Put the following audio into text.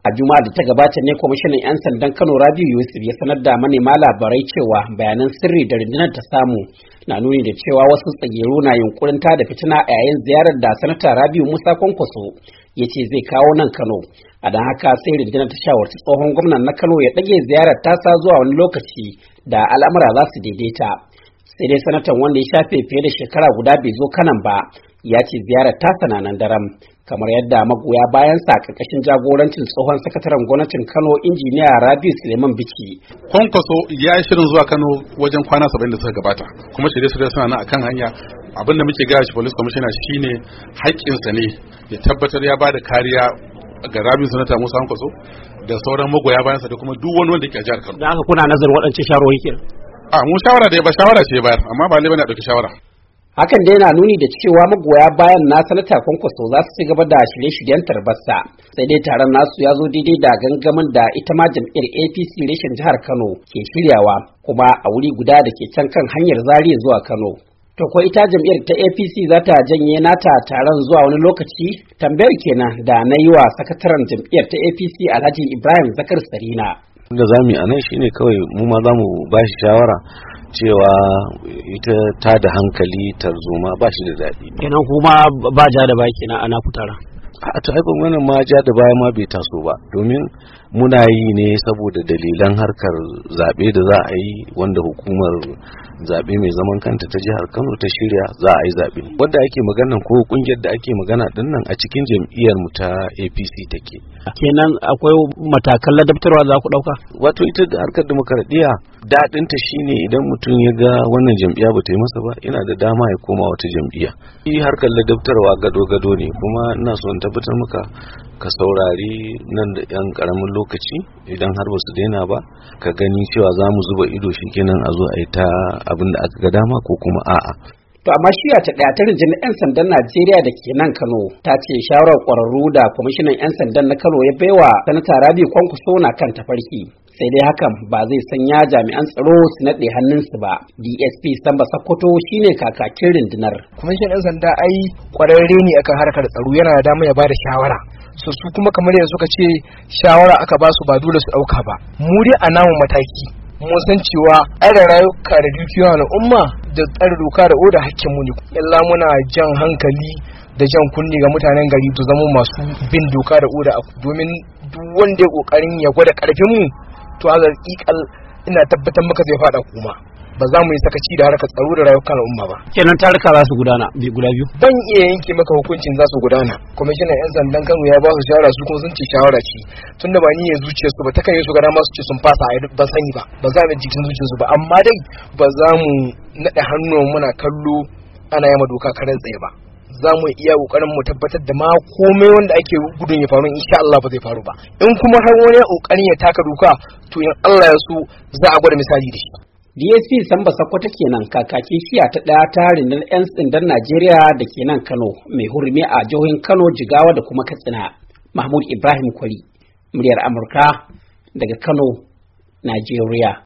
a juma'a da ta gabata ne kwamishinan 'yan sandan kano rabiu yusuf ya sanar da manema labarai cewa bayanan sirri da rundunar ta samu na nuni da cewa wasu tsageru na yunkurin ta da fitina a yayin ziyarar da sanata rabiu musa kwankwaso ya ce zai kawo nan kano a don haka sai rundunar ta shawarci tsohon gwamnan na kano ya ɗage ziyarar tasa zuwa wani lokaci da al'amura za su daidaita sai dai sanatan wanda ya shafe fiye da shekara guda bai zo kanan ba ya ce ziyarar tasa na nan daram kamar yadda magoya bayan sa ƙarƙashin jagorancin tsohon sakataren gwamnatin Kano injiniya Rabi Suleiman Biki. Kwankwaso ya yi shirin zuwa Kano wajen kwana saba'in da suka gabata kuma shirye-shirye suna nan akan hanya abin da muke gaya shi police commissioner shine haƙƙinsa ne ya tabbatar ya bada kariya ga rabin sanata Musa Kwankwaso da sauran magoya sa da kuma duk wani wanda ke a jihar Kano. Da aka kuna nazarin waɗancan shawarwari kenan. a mu shawara da ba shawara ce bayar amma ba lai bane a ɗauki shawara hakan dai yana nuni da cewa magoya bayan na sanata kwankwaso za su ci gaba da shirye-shiryen tarbasa, sai dai taron nasu ya zo daidai da gangamin da ita ma jam'iyyar apc reshen jihar kano ke shiryawa kuma a wuri guda da ke can kan hanyar zariya zuwa kano to ko ita jam'iyyar ta apc za ta janye nata taron zuwa wani lokaci tambayar kenan da na yi wa sakataren jam'iyyar ta apc alhaji ibrahim zakar sarina da za mu yi a nan shine kawai mu ma za mu shawara cewa ita ta da hankali tarzoma ba shi da daɗi kenan kuma ba ja da baki na ana kutara a ta aikon wannan ma ja da baya ma bai taso ba domin muna yi ne saboda dalilan harkar zaɓe da za a yi wanda hukumar zaɓe mai zaman kanta ta jihar kano ta shirya za a yi zaɓe wanda ake magana ko kungiyar da ake magana din a cikin jam'iyyar mu ta apc take kenan akwai matakan ladabtarwa za ku ɗauka wato ita da harkar demokaradiyya daɗinta ta shine idan mutum ya ga wannan jam'iyya ba ta yi masa ba ina da dama ya koma wata jam'iyya shi harkar ladabtarwa gado gado ne kuma ina son tabbatar maka ka saurari nan da yan karamin lokaci idan har basu daina ba ka gani cewa za mu zuba ido shi kenan a zo a yi ta abin da aka ga dama ko kuma a'a To amma shiya ta ɗaya ta rinjin 'yan sandan Najeriya da ke nan Kano ta ce shawarar ƙwararru da kwamishinan 'yan sandan na Kano ya baiwa sanata Rabi Kwankwaso na kan tafarki. Sai dai hakan ba zai sanya jami'an tsaro su naɗe hannunsu ba. DSP Samba Sakkwato shine kakakin rundunar. Kwamishinan 'yan sanda ai ƙwararre ne akan harkar tsaro yana da dama ya bada shawara. so su kuma kamar yanzu ka ce shawara aka ba su ba dole su ɗauka ba mu dai a namu mataki mu san cewa tsare rayuka da na umma da tsare doka da oda hakkin mu ne illa muna jan hankali da jan kunne ga mutanen gari to zama masu bin doka da oda domin duk wanda ya kokarin ya gwada karfin mu to a ina tabbatar maka zai fada kuma ba za mu yi sakaci da harkar tsaro da rayukan al'umma ba kenan taruka za su gudana guda biyu ban iya yanke maka hukuncin za su gudana kwamishinan yan sandan Kano ya ba su shawara su kuma sun ce shawara ce tunda ba ni ya zuciyar su ba ta kai su ga dama su ce sun fasa a ba sani ba ba za mu jikin zuciyar su ba amma dai ba za mu naɗa hannu muna kallo ana yama doka karen tsaye ba za mu iya kokarin mu tabbatar da ma komai wanda ake gudun ya faru insha Allah ba zai faru ba in kuma har wani kokarin ya taka doka to in Allah ya so za a gwada misali da shi dsp samba sakkwata kenan kakaki shiya ta ɗaya ta rundunar 'yan tsindar najeriya da ke nan kano mai hurumi a jihohin kano jigawa da kuma katsina mahmud ibrahim kwari muryar amurka daga kano najeriya